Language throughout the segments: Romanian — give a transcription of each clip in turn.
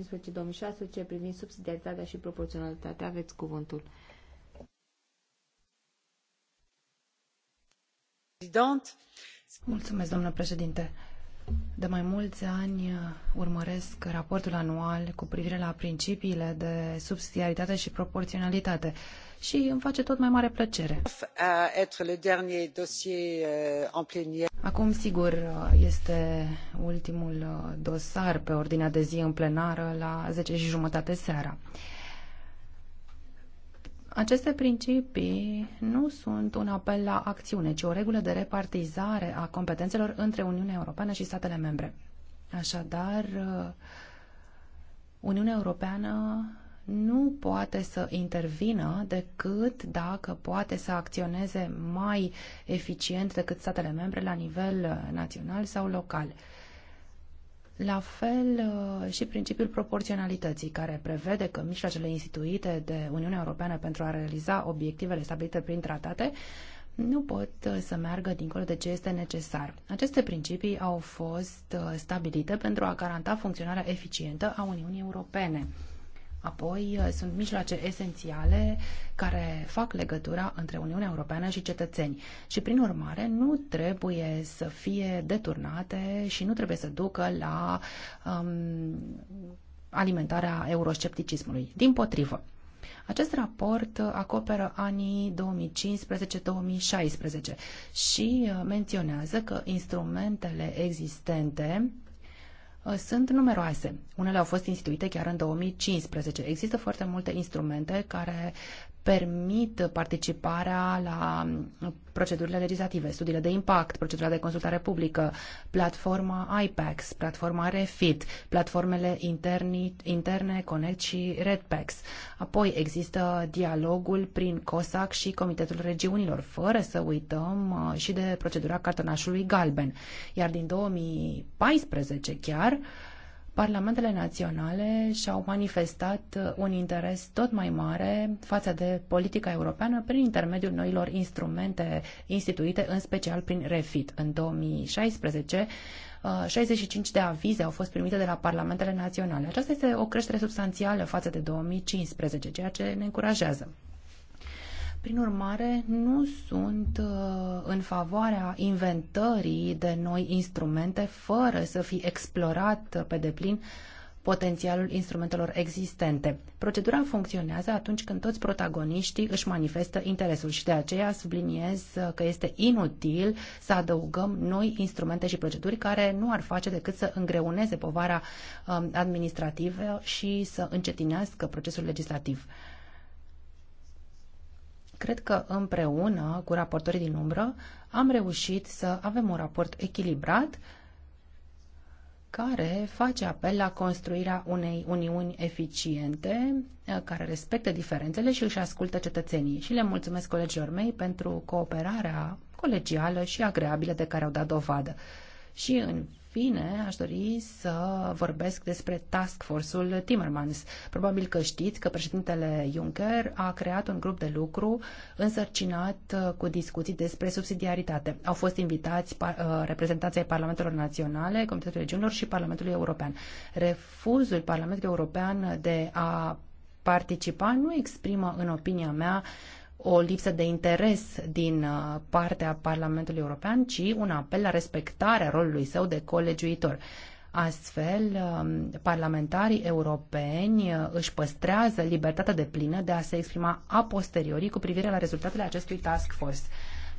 2015-2016 privind subsidiaritatea și proporționalitatea. Aveți cuvântul. Mulțumesc, domnule președinte. De mai mulți ani uh, urmăresc raportul anual cu privire la principiile de subsidiaritate și proporționalitate și îmi face tot mai mare plăcere. Uh, uh, Acum, sigur, este ultimul dosar pe ordinea de zi în plenară la 10 și jumătate seara. Aceste principii nu sunt un apel la acțiune, ci o regulă de repartizare a competențelor între Uniunea Europeană și statele membre. Așadar, Uniunea Europeană nu poate să intervină decât dacă poate să acționeze mai eficient decât statele membre la nivel național sau local. La fel uh, și principiul proporționalității, care prevede că mijloacele instituite de Uniunea Europeană pentru a realiza obiectivele stabilite prin tratate nu pot uh, să meargă dincolo de ce este necesar. Aceste principii au fost uh, stabilite pentru a garanta funcționarea eficientă a Uniunii Europene. Apoi uh, sunt mijloace esențiale care fac legătura între Uniunea Europeană și cetățeni și, prin urmare, nu trebuie să fie deturnate și nu trebuie să ducă la um, alimentarea euroscepticismului. Din potrivă, acest raport acoperă anii 2015-2016 și uh, menționează că instrumentele existente Uh, sunt numeroase. Unele au fost instituite chiar în 2015. Există foarte multe instrumente care permit participarea la procedurile legislative, studiile de impact, procedura de consultare publică, platforma IPEX, platforma Refit, platformele interni, interne Connect și REDPEX. Apoi există dialogul prin COSAC și Comitetul Regiunilor, fără să uităm uh, și de procedura cartonașului galben. Iar din 2014 chiar, Parlamentele naționale și-au manifestat uh, un interes tot mai mare față de politica europeană prin intermediul noilor instrumente instituite, în special prin REFIT. În 2016, 65 uh, de avize au fost primite de la Parlamentele naționale. Aceasta este o creștere substanțială față de 2015, ceea ce ne încurajează. Prin urmare, nu sunt uh, în favoarea inventării de noi instrumente fără să fi explorat pe deplin potențialul instrumentelor existente. Procedura funcționează atunci când toți protagoniștii își manifestă interesul și de aceea subliniez uh, că este inutil să adăugăm noi instrumente și proceduri care nu ar face decât să îngreuneze povara um, administrativă și să încetinească procesul legislativ. Cred că împreună cu raportorii din umbră am reușit să avem un raport echilibrat care face apel la construirea unei uniuni eficiente, eh, care respectă diferențele și își ascultă cetățenii. Și le mulțumesc colegilor mei pentru cooperarea colegială și agreabilă de care au dat dovadă. Și în fine, aș dori să vorbesc despre Task Force-ul Timmermans. Probabil că știți că președintele Juncker a creat un grup de lucru însărcinat uh, cu discuții despre subsidiaritate. Au fost invitați uh, reprezentanții Parlamentelor Naționale, Comitetului Regiunilor și Parlamentului European. Refuzul Parlamentului European de a participa nu exprimă, în opinia mea, uh, o lipsă de interes din uh, partea Parlamentului European, ci un apel la respectarea rolului său de colegiuitor. Astfel, um, parlamentarii europeni uh, își păstrează libertatea de plină de a se exprima a posteriori cu privire la rezultatele acestui task force.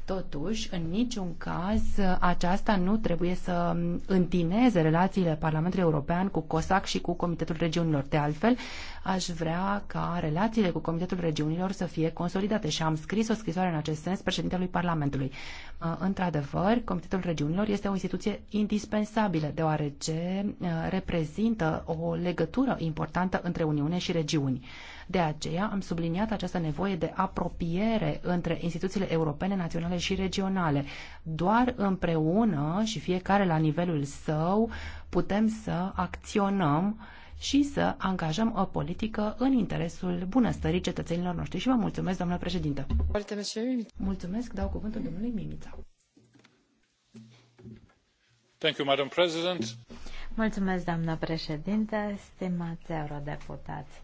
Totuși, în niciun caz, aceasta nu trebuie să întineze relațiile Parlamentului European cu COSAC și cu Comitetul Regiunilor. De altfel, aș vrea ca relațiile cu Comitetul Regiunilor să fie consolidate și am scris o scrisoare în acest sens președintelui Parlamentului. Uh, într-adevăr, Comitetul Regiunilor este o instituție indispensabilă, deoarece uh, reprezintă o legătură importantă între Uniune și regiuni. De aceea am subliniat această nevoie de apropiere între instituțiile europene, naționale și regionale. Doar împreună și fiecare la nivelul său putem să acționăm și să angajăm o politică în interesul bunăstării cetățenilor noștri. Și vă mulțumesc, doamnă președintă. Mulțumesc, dau cuvântul domnului Mimița. Thank you, Madam President. Mulțumesc, doamnă președinte, stimați eurodeputați.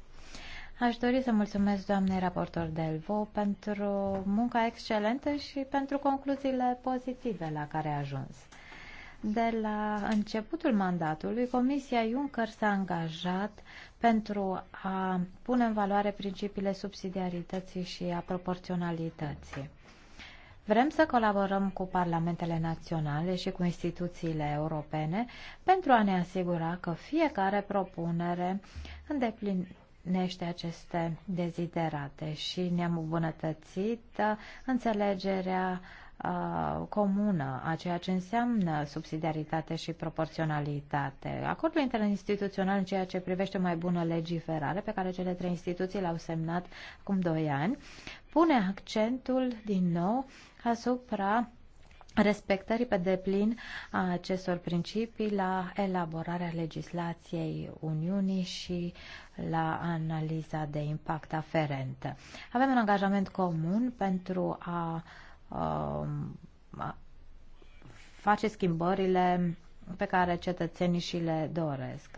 Aș dori să mulțumesc doamnei raportor Delvo pentru munca excelentă și pentru concluziile pozitive la care a ajuns. De la începutul mandatului, Comisia Juncker s-a angajat pentru a pune în valoare principiile subsidiarității și a proporționalității. Vrem să colaborăm cu parlamentele naționale și cu instituțiile europene pentru a ne asigura că fiecare propunere îndeplinește nește aceste deziderate și ne-am îmbunătățit înțelegerea uh, comună a ceea ce înseamnă subsidiaritate și proporționalitate. Acordul interinstituțional în ceea ce privește mai bună legiferare pe care cele trei instituții l-au semnat acum doi ani pune accentul din nou asupra respectării pe deplin a acestor principii la elaborarea legislației Uniunii și la analiza de impact aferentă. Avem un angajament comun pentru a, a, um, a face schimbările pe care cetățenii și le doresc.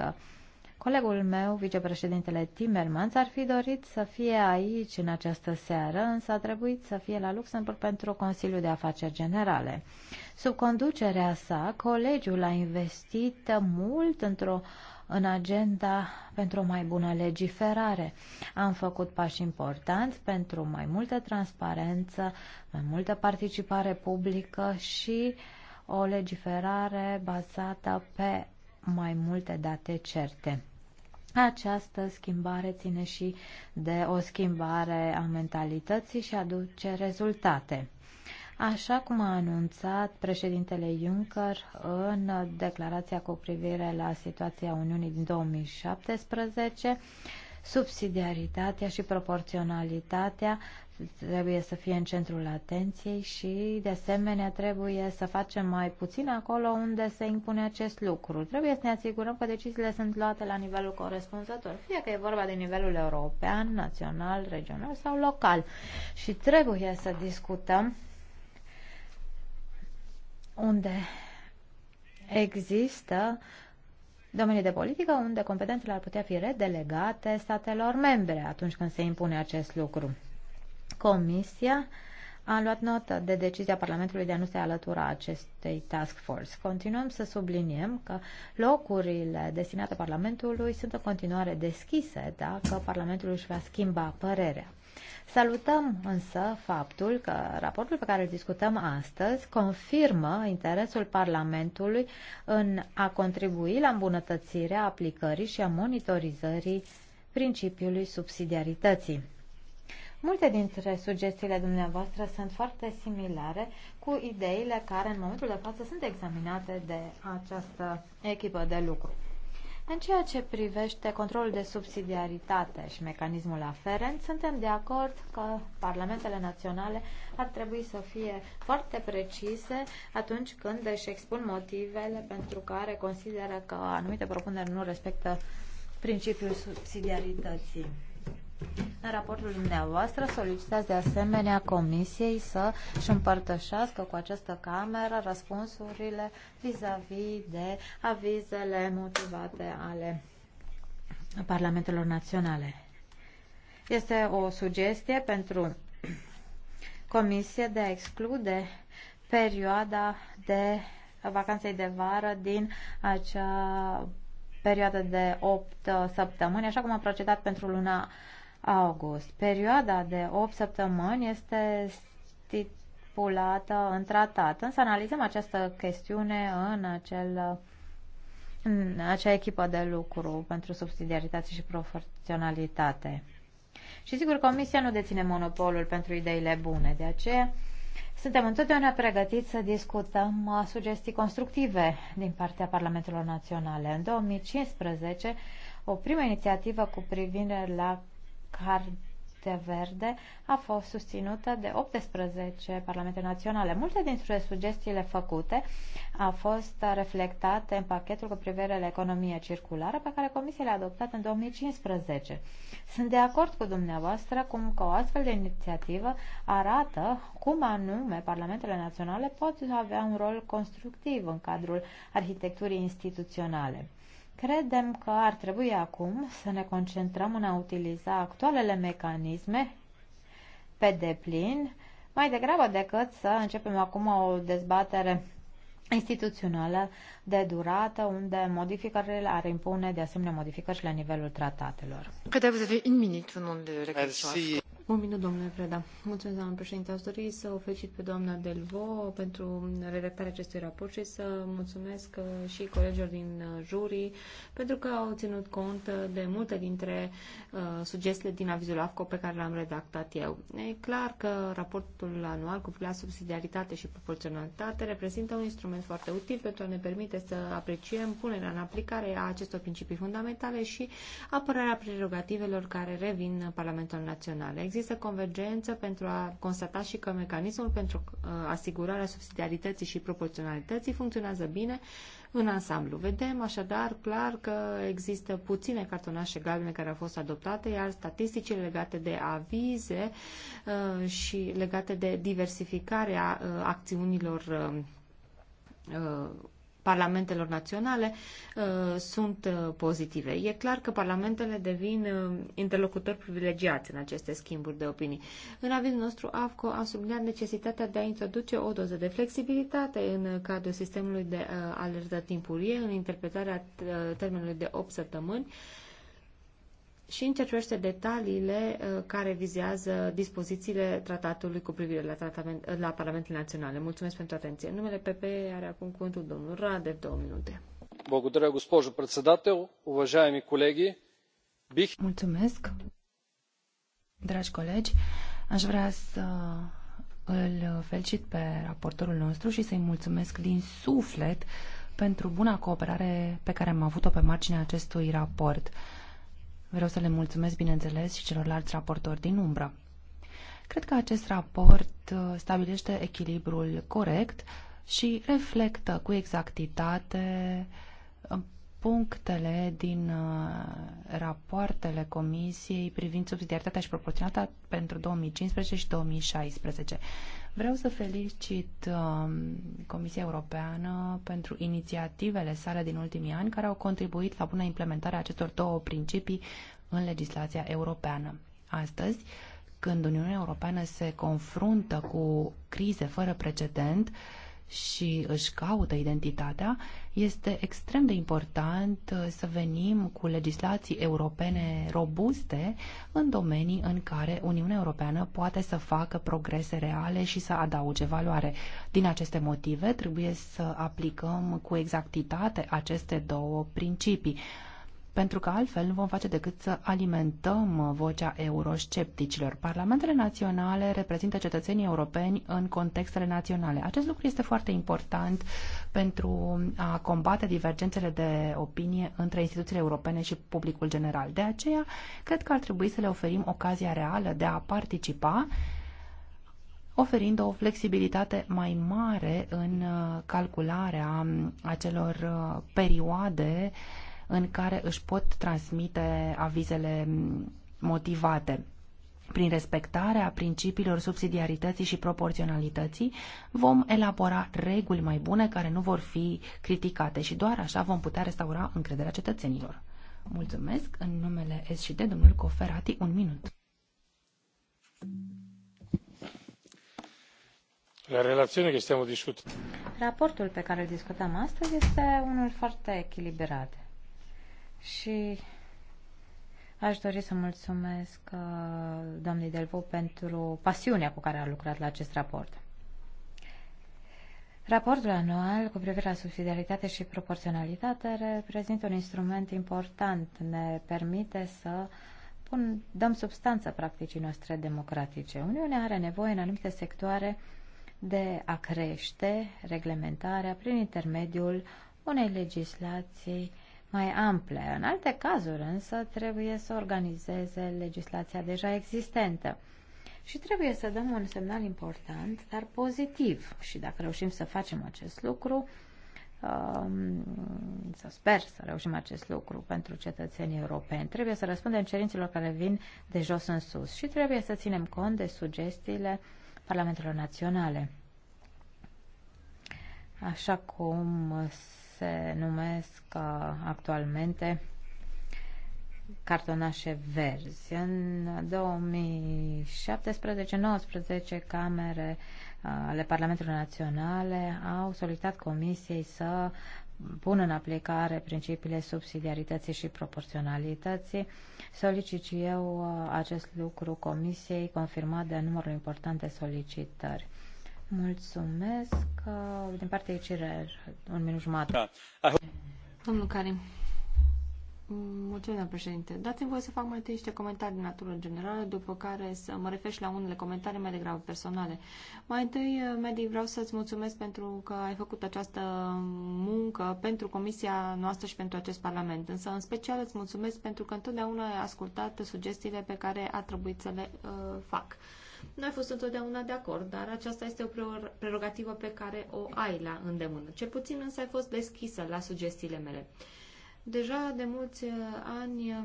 Colegul meu, vicepreședintele Timmermans, ar fi dorit să fie aici în această seară, însă a trebuit să fie la Luxemburg pentru Consiliul de Afaceri Generale. Sub conducerea sa, colegiul a investit mult într-o în agenda pentru o mai bună legiferare. Am făcut pași importanți pentru mai multă transparență, mai multă participare publică și o legiferare bazată pe mai multe date certe. Această schimbare ține și de o schimbare a mentalității și aduce rezultate. Așa cum a anunțat președintele Juncker în declarația cu privire la situația Uniunii din 2017, subsidiaritatea și proporționalitatea trebuie să fie în centrul atenției și, de asemenea, trebuie să facem mai puțin acolo unde se impune acest lucru. Trebuie să ne asigurăm că deciziile sunt luate la nivelul corespunzător, fie că e vorba de nivelul european, național, regional sau local. Și trebuie să discutăm unde există domenii de politică unde competențele ar putea fi redelegate statelor membre atunci când se impune acest lucru. Comisia a luat notă de decizia Parlamentului de a nu se alătura acestei task force. Continuăm să subliniem că locurile destinate Parlamentului sunt în continuare deschise dacă Parlamentul își va schimba părerea. Salutăm însă faptul că raportul pe care îl discutăm astăzi confirmă interesul Parlamentului în a contribui la îmbunătățirea aplicării și a monitorizării principiului subsidiarității. Multe dintre sugestiile dumneavoastră sunt foarte similare cu ideile care în momentul de față sunt examinate de această echipă de lucru. În ceea ce privește controlul de subsidiaritate și mecanismul aferent, suntem de acord că parlamentele naționale ar trebui să fie foarte precise atunci când își expun motivele pentru care consideră că anumite propuneri nu respectă principiul subsidiarității. În raportul dumneavoastră solicitați de asemenea Comisiei să își împărtășească cu această cameră răspunsurile vis-a-vis -vis de avizele motivate ale Parlamentelor Naționale. Este o sugestie pentru Comisie de a exclude perioada de vacanței de vară din acea perioadă de 8 uh, săptămâni, așa cum am procedat pentru luna august. Perioada de 8 săptămâni este stipulată în tratat, însă analizăm această chestiune în acel în acea echipă de lucru pentru subsidiaritate și proporționalitate. Și sigur, Comisia nu deține monopolul pentru ideile bune, de aceea suntem întotdeauna pregătiți să discutăm sugestii constructive din partea Parlamentelor Naționale. În 2015, o primă inițiativă cu privire la Cartea Verde a fost susținută de 18 parlamente naționale. Multe dintre sugestiile făcute au fost reflectate în pachetul cu privire la economia circulară pe care Comisia l-a adoptat în 2015. Sunt de acord cu dumneavoastră cum că o astfel de inițiativă arată cum anume parlamentele naționale pot avea un rol constructiv în cadrul arhitecturii instituționale. Credem că ar trebui acum să ne concentrăm în a utiliza actualele mecanisme pe deplin, mai degrabă decât să începem acum o dezbatere instituțională de durată, unde modificările ar impune de asemenea modificări și la nivelul tratatelor. Câte aveți un minut minute au de la un minut, domnule Preda. Mulțumesc, doamnă președinte. Aș dori să o felicit pe doamna Delvo pentru redactarea acestui raport și să mulțumesc uh, și colegilor din uh, jury pentru că au ținut cont uh, de multe dintre uh, sugestiile din avizul AFCO pe care l-am redactat eu. E clar că raportul anual cu privire la subsidiaritate și proporționalitate reprezintă un instrument foarte util pentru a ne permite să apreciem punerea în aplicare a acestor principii fundamentale și apărarea prerogativelor care revin Parlamentul Național există convergență pentru a constata și că mecanismul pentru uh, asigurarea subsidiarității și proporționalității funcționează bine în ansamblu. Vedem așadar clar că există puține cartonașe galbene care au fost adoptate, iar statisticile legate de avize uh, și legate de diversificarea uh, acțiunilor parlamentelor naționale uh, sunt uh, pozitive. E clar că parlamentele devin uh, interlocutori privilegiați în aceste schimburi de opinii. În avizul nostru, AFCO a subliniat necesitatea de a introduce o doză de flexibilitate în cadrul sistemului de alertă timpurie, în interpretarea termenului de 8 săptămâni, și încercuiește detaliile uh, care vizează dispozițiile tratatului cu privire la, tratament, la Parlamentul Național. Mulțumesc pentru atenție. numele PP are acum cuvântul domnul Radev, două minute. Mulțumesc, dragi colegi. Aș vrea să îl felicit pe raportorul nostru și să-i mulțumesc din suflet pentru buna cooperare pe care am avut-o pe marginea acestui raport. Vreau să le mulțumesc, bineînțeles, și celorlalți raportori din umbră. Cred că acest raport uh, stabilește echilibrul corect și reflectă cu exactitate uh, punctele din uh, rapoartele Comisiei privind subsidiaritatea și proporționata pentru 2015 și 2016. Vreau să felicit um, Comisia Europeană pentru inițiativele sale din ultimii ani care au contribuit la bună implementare a acestor două principii în legislația europeană. Astăzi, când Uniunea Europeană se confruntă cu crize fără precedent, și își caută identitatea, este extrem de important uh, să venim cu legislații europene robuste în domenii în care Uniunea Europeană poate să facă progrese reale și să adauge valoare. Din aceste motive, trebuie să aplicăm cu exactitate aceste două principii pentru că altfel nu vom face decât să alimentăm vocea euroscepticilor. Parlamentele naționale reprezintă cetățenii europeni în contextele naționale. Acest lucru este foarte important pentru a combate divergențele de opinie între instituțiile europene și publicul general. De aceea, cred că ar trebui să le oferim ocazia reală de a participa oferind o flexibilitate mai mare în calcularea acelor perioade uh, în care își pot transmite avizele motivate. Prin respectarea principiilor subsidiarității și proporționalității, vom elabora reguli mai bune care nu vor fi criticate și doar așa vom putea restaura încrederea cetățenilor. Mulțumesc. În numele S și domnul Coferati, un minut. La relațiune că stiamo discutando. Raportul pe care îl discutăm astăzi este unul foarte echilibrat. Și aș dori să mulțumesc uh, doamnei Delvo pentru pasiunea cu care a lucrat la acest raport. Raportul anual cu privire la subsidiaritate și proporționalitate reprezintă un instrument important. Ne permite să pun, dăm substanță practicii noastre democratice. Uniunea are nevoie în anumite sectoare de a crește reglementarea prin intermediul unei legislații mai ample. În alte cazuri însă trebuie să organizeze legislația deja existentă. Și trebuie să dăm un semnal important, dar pozitiv. Și dacă reușim să facem acest lucru, um, să sper să reușim acest lucru pentru cetățenii europeni. Trebuie să răspundem cerințelor care vin de jos în sus și trebuie să ținem cont de sugestiile Parlamentelor Naționale. Așa cum se numesc uh, actualmente cartonașe verzi. În 2017-19 camere uh, ale Parlamentului Naționale au solicitat Comisiei să pună în aplicare principiile subsidiarității și proporționalității. Solicit eu uh, acest lucru Comisiei confirmat de numărul important de solicitări. Mulțumesc. Uh, din partea ICR, un minut jumătate. Da. Domnul Karim. Mulțumesc, doamnă președinte. Dați-mi voie să fac mai întâi niște comentarii de natură generală, după care să mă refer și la unele comentarii mai degrabă personale. Mai întâi, uh, Medi, vreau să-ți mulțumesc pentru că ai făcut această muncă pentru comisia noastră și pentru acest Parlament. Însă, în special, îți mulțumesc pentru că întotdeauna ai ascultat sugestiile pe care a trebuit să le uh, fac. Uh, nu ai fost întotdeauna de acord, dar aceasta este o prerogativă pe care o ai la îndemână. Cel puțin însă ai fost deschisă la sugestiile mele. Deja de mulți uh, ani uh,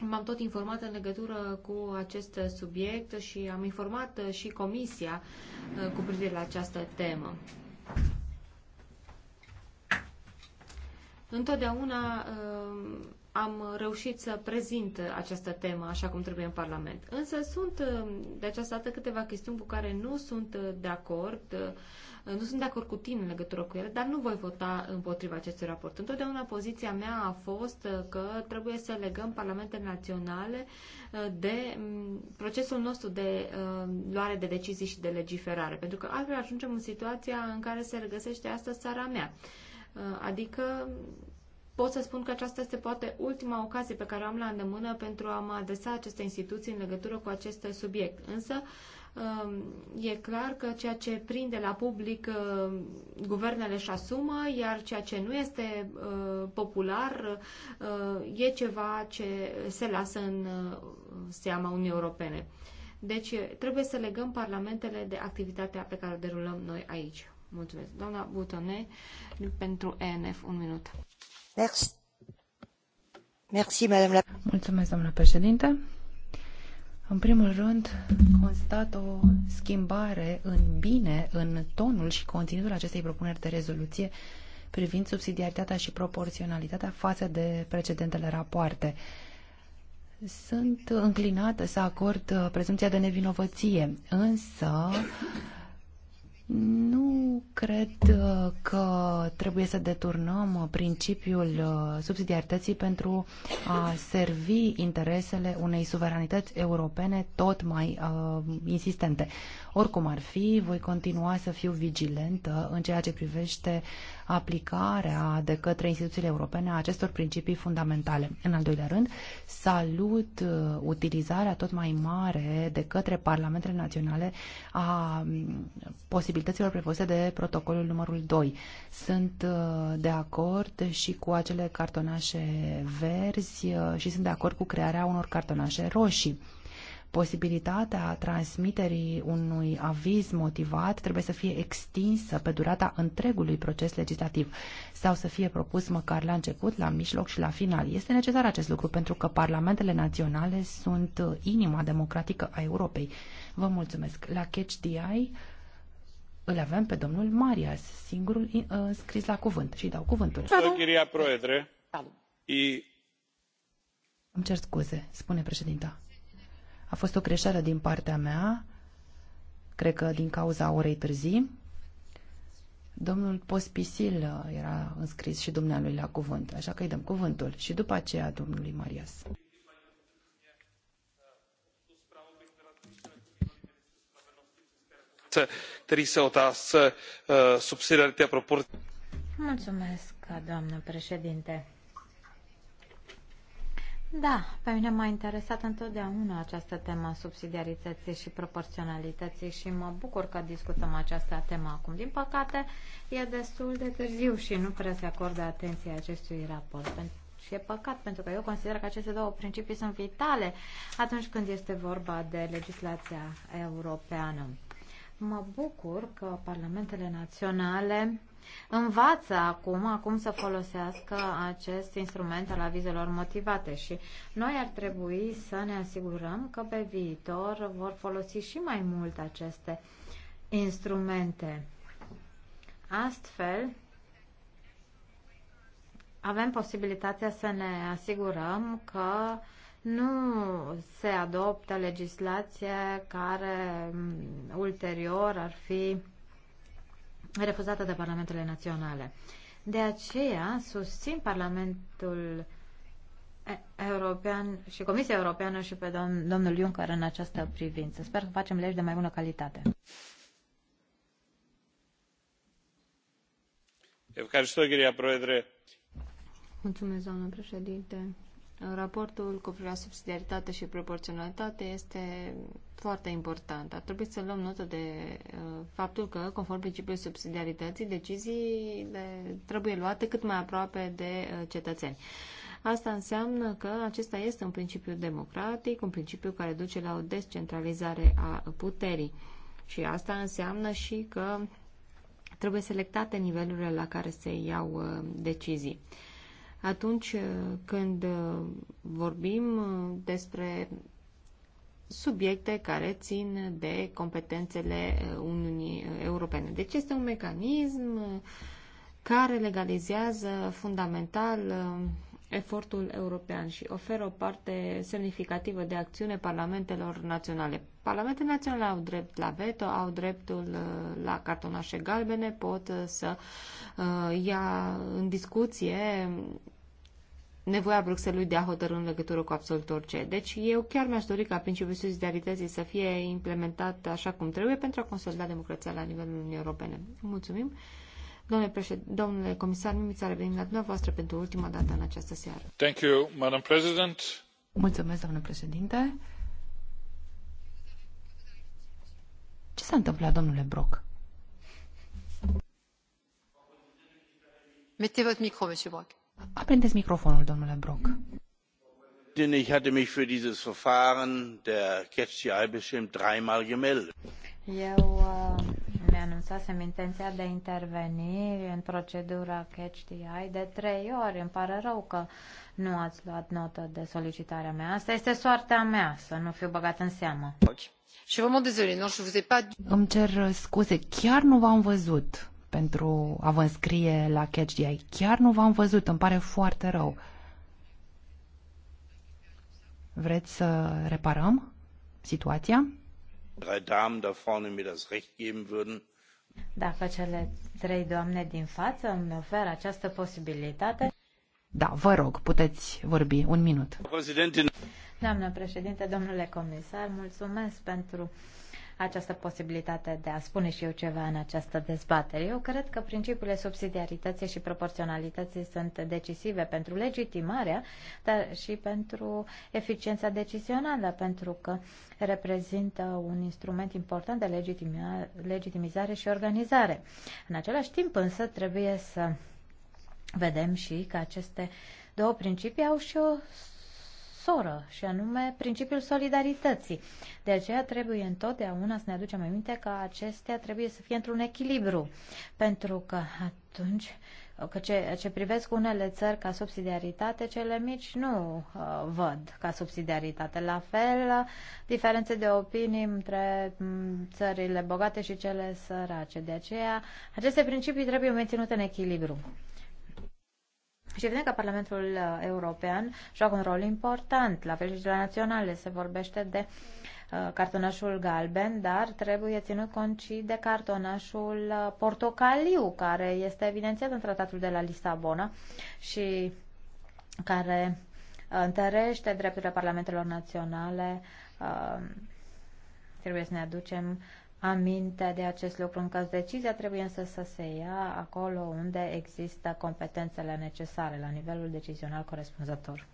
m-am tot informat în legătură cu acest subiect și am informat uh, și comisia cu privire la această temă. Întotdeauna am reușit să prezint această temă așa cum trebuie în Parlament. Însă sunt uh, de această dată câteva chestiuni cu care nu sunt uh, de acord, uh, nu sunt de acord cu tine în legătură cu ele, dar nu voi vota împotriva acestui raport. Întotdeauna poziția mea a fost că trebuie să legăm parlamentele naționale de mm, procesul nostru de luare de decizii și de legiferare, pentru că altfel ajungem în situația în care se regăsește astăzi țara mea. Adică pot să spun că aceasta este poate ultima ocazie pe care o am la îndemână pentru a mă adresa aceste instituții în legătură cu acest subiect. Însă, um, e clar că ceea ce prinde la public uh, guvernele își asumă, iar ceea ce nu este uh, popular uh, e ceva ce se lasă în seama Uniunii Europene. Deci trebuie să legăm parlamentele de activitatea pe care o derulăm noi aici. Mulțumesc. Doamna Butone, pentru ENF, un minut președinte. În primul rând, constat o schimbare în bine în tonul și conținutul acestei propuneri de rezoluție privind subsidiaritatea și proporționalitatea față de precedentele rapoarte. Sunt înclinată să acord uh, prezumția de nevinovăție, însă nu cred uh, că trebuie să deturnăm uh, principiul uh, subsidiarității pentru a servi interesele unei suveranități europene tot mai uh, insistente. Oricum ar fi, voi continua să fiu vigilentă în ceea ce privește aplicarea de către instituțiile europene a acestor principii fundamentale. În al doilea rând, salut uh, utilizarea tot mai mare de către parlamentele naționale a mm, posibilităților prevăzute de protocolul numărul 2. Sunt uh, de acord și cu acele cartonașe verzi uh, și sunt de acord cu crearea unor cartonașe roșii Posibilitatea transmiterii unui aviz motivat trebuie să fie extinsă pe durata întregului proces legislativ sau să fie propus măcar la început, la mijloc și la final. Este necesar acest lucru pentru că parlamentele naționale sunt inima democratică a Europei. Vă mulțumesc. La Catch DI îl avem pe domnul Marias, singurul uh, scris la cuvânt și dau cuvântul. Îmi cer scuze, spune președinta. A fost o greșeală din partea mea, cred că din cauza orei târzii. Domnul Pospisil era înscris și dumnealui la cuvânt, așa că îi dăm cuvântul și după aceea domnului Marias. který se otázce uh, subsidiarity Mulțumesc, doamnă președinte. Da, pe mine m-a interesat întotdeauna această temă a subsidiarității și proporționalității și mă bucur că discutăm această temă acum. Din păcate, e destul de târziu și nu prea se acordă atenție acestui raport. Și e păcat, pentru că eu consider că aceste două principii sunt vitale atunci când este vorba de legislația europeană. Mă bucur că parlamentele naționale învață acum, acum să folosească acest instrument al avizelor motivate și noi ar trebui să ne asigurăm că pe viitor vor folosi și mai mult aceste instrumente. Astfel, avem posibilitatea să ne asigurăm că uh, nu se adoptă legislație care mm, ulterior ar fi refuzată de parlamentele naționale. De aceea susțin Parlamentul European și Comisia Europeană și pe dom domnul Juncker în această privință. Sper că facem legi de mai bună calitate. Mulțumesc, doamnă președinte. Raportul cu privire la subsidiaritate și proporționalitate este foarte important. Ar trebui să luăm notă de uh, faptul că, conform principiului subsidiarității, deciziile trebuie luate cât mai aproape de uh, cetățeni. Asta înseamnă că acesta este un principiu democratic, un principiu care duce la o descentralizare a puterii. Și asta înseamnă și că trebuie selectate nivelurile la care se iau uh, decizii. Uh, atunci uh, când uh, vorbim uh, despre subiecte care țin de competențele Uniunii Europene. Deci este un mecanism care legalizează fundamental efortul european și oferă o parte semnificativă de acțiune parlamentelor naționale. Parlamentele naționale au drept la veto, au dreptul uh, la cartonașe galbene, pot uh, să uh, ia în discuție nevoia Bruxelului de a hotărâ în legătură cu absolut orice. Deci eu chiar mi-aș dori ca principiul subsidiarității să fie implementat așa cum trebuie pentru a consolida democrația la nivelul Uniunii Europene. Mulțumim! Domnule, președinte, domnule comisar Mimița, revenim la dumneavoastră pentru ultima dată în această seară. Thank you, Madam President. Mulțumesc, domnule președinte. Ce s-a întâmplat, domnule Brock? Mettez votre micro, monsieur Brock. Aprindeți microfonul, domnule Brock. Ich hatte mich für dieses Verfahren der Catch the Eye bestimmt dreimal gemeldet. Eu uh, mi-anunțasem intenția de a interveni în procedura Catch the Eye de trei ori. Îmi pare rău că nu ați luat notă de solicitarea mea. Asta este soarta mea, să nu fiu băgat în seamă. Îmi cer scuze, chiar nu v-am văzut pentru a vă înscrie la Catch the Eye. Chiar nu v-am văzut, îmi pare foarte rău. Vreți să reparăm situația? Da Dacă cele trei doamne din față îmi oferă această posibilitate. Da, vă rog, puteți vorbi un minut. Președinte... Doamnă președinte, domnule comisar, mulțumesc pentru uh, această posibilitate de a spune și eu ceva în această dezbatere. Eu cred că principiile subsidiarității și proporționalității sunt decisive pentru legitimarea, dar și pentru eficiența decizională, pentru că reprezintă un instrument important de legitimizare și organizare. În același timp însă trebuie să vedem și că aceste două principii au și o soră, și anume principiul solidarității. De aceea trebuie întotdeauna să ne aducem minte că acestea trebuie să fie într-un echilibru, pentru că atunci că ce, ce privesc unele țări ca subsidiaritate, cele mici nu uh, văd ca subsidiaritate. La fel, diferențe de opinii între mm, țările bogate și cele sărace. De aceea, aceste principii trebuie menținute în echilibru. Și evident că Parlamentul uh, European joacă un rol important. La fel și la naționale se vorbește de uh, cartonașul galben, dar trebuie ținut cont și de cartonașul uh, portocaliu, care este evidențiat în tratatul de la Lisabona și care întărește drepturile parlamentelor naționale. trebuie să ne aducem aminte de acest lucru în caz decizia trebuie însă să se ia acolo unde există competențele necesare la nivelul decizional corespunzător.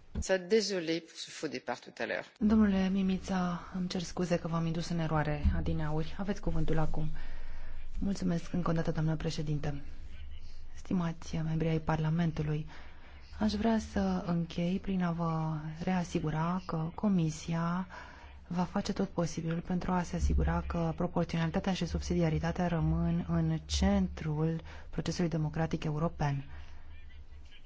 Désolé pour ce faux départ tout à l'heure. Domnule Mimița, îmi cer scuze că v-am indus în eroare adineauri. Aveți cuvântul acum. Mulțumesc încă o dată, doamnă președinte. Stimați membri ai Parlamentului, aș vrea să închei prin a vă reasigura că Comisia va face tot posibilul pentru a se asigura că proporționalitatea și subsidiaritatea rămân în centrul procesului democratic european.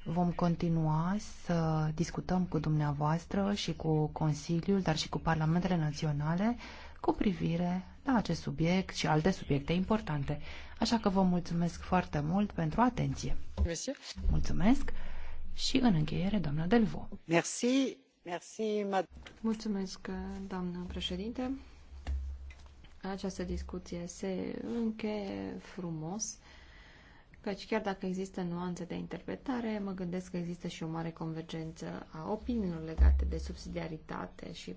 Vom continua să discutăm cu dumneavoastră și cu Consiliul, dar și cu parlamentele naționale cu privire la acest subiect și alte subiecte importante. Așa că vă mulțumesc foarte mult pentru atenție. Mulțumesc și în încheiere, doamna Delvo. Merci. Mulțumesc, doamnă președinte. Această discuție se încheie frumos căci chiar dacă există nuanțe de interpretare, mă gândesc că există și o mare convergență a opiniilor legate de subsidiaritate și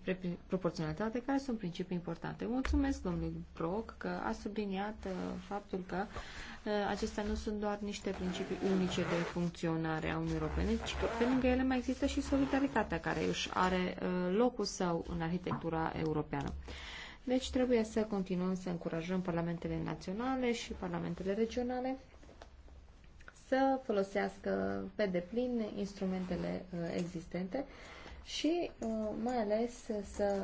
proporționalitate, care sunt principii importante. Mulțumesc domnului Broc că a subliniat uh, faptul că uh, acestea nu sunt doar niște principii unice de funcționare a Uniunii Europene, ci că pe lângă ele mai există și solidaritatea care își are uh, locul său în arhitectura europeană. Deci trebuie să continuăm să încurajăm parlamentele naționale și parlamentele regionale să folosească pe deplin instrumentele uh, existente și uh, mai ales să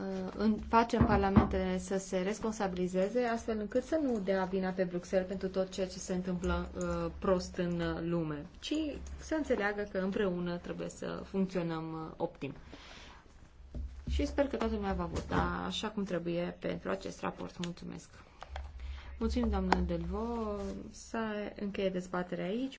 uh, în, facem parlamentele să se responsabilizeze astfel încât să nu dea vina pe Bruxelles pentru tot ceea ce se întâmplă uh, prost în lume, ci să înțeleagă că împreună trebuie să funcționăm uh, optim. Și sper că toată lumea va vota așa cum trebuie pentru acest raport. Mulțumesc! Mulțumim, doamnă Delvo. Să încheie dezbaterea aici.